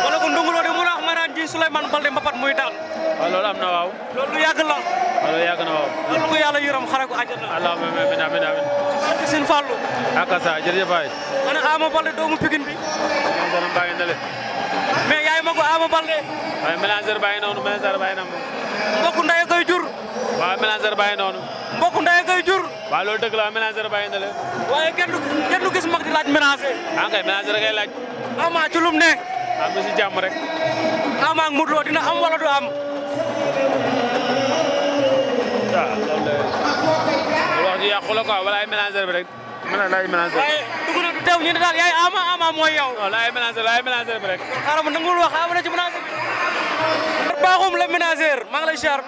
wala ko Ndongo Lo de mën a wax maanaam ji Souleymane Balde mbapat muy daal. waaw loolu am na waaw. loolu lu yàgg la. waaw loolu yàgg na waaw. loolu ko yàlla yërëm xare ko àjjana. allahumma amiin amiin amiin. ak seen fàllu. ak sa jërëjëf doomu Pikine ma ko Ama Balde. waaye mélangeur baa ngi noonu mélangeur baa ngi noonu. mbokku ndey koy jur. waaw mélangeur baa ngi noonu. mbokku ndey jur. waaw loolu dëgg la waaw mélangeur baa ngi laaj mélanger. ah am na si Ama ak Modou dina am wala du am. waaw loolu la wax ji yàqu la quoi bi rek. mën na laay yaay Ama Ama mooy yow. non laay mélangeurs laay mélangeurs bi rek. ma nangul wax am na ci mélangeur bi. baaxum la mélangeur maa ngi lay ziar.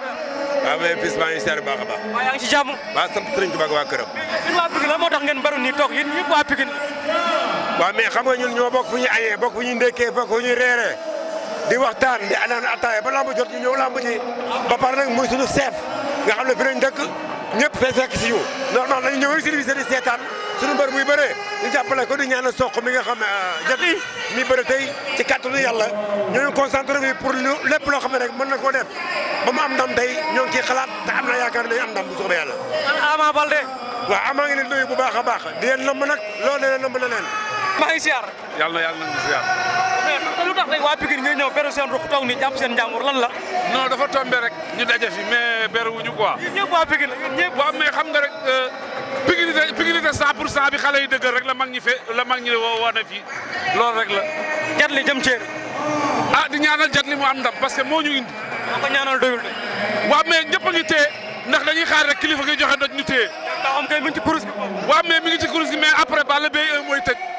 waaw mais bis maa ngi siyaar bu baax a baax. waaw yaa ngi waa këram. yéen waa Pikine la moo tax ngeen baru nii toog yéen ñëpp waa Pikine waaw mais xam nga ñun ñoo bokk fu ñuy añee bokk fu ñuy ndékkee bokk fu ñuy reeree di waxtaan di anaan ataaya ba lamb jot ñu ñëw lamb ji ba pare nag muy suñu chef nga xam ne fi lañ dëkk ñëpp fay fekk si ñu normal dañu ñëw rek service di seetaan suñu mbër muy bëree ñu jàppale ko di ñaanal soq mi nga xam ah, jot yi mi bëri tey ci kàttanu yàlla ñooñu concentré bi pour lu lépp loo xam ne rek mën na koo def ba mu am dam dey ñoo ngi ciy xalaat te am na yaakaar ne am dam bu soobee yàlla. Ama Baldé. waaw amaa ngi bu baax a baax di leen lëmb nag loolu leen lëmb na leen maa ngi siyaar. yàlla na yàlla nañu siyaar. mais lu tax rek waa Pikine ñuy ñëw beru seen ruq toog ni jàpp seen jàmbur lan la. non dafa tombé rek. ñu daje fi mais beru wuñu quoi. ñun ñëpp waa Pikine ñun mais xam nga rek euh, Pikine de Pikine de bi xale yi dëggër rek la mag ñi fe la mag ñi woo woon fii loolu rek la. jat li jëm ceeri. ah di ñaanal jat li mu am ndam parce que moo ñu indi. moo ko ñaanal a ngi téye ndax dañuy xaar rek kilifa gi joxe doj ñu téye. ndax am kay mi ngi ci kurus gi. waaw mais mi ngi ci kurus après bala bay mooy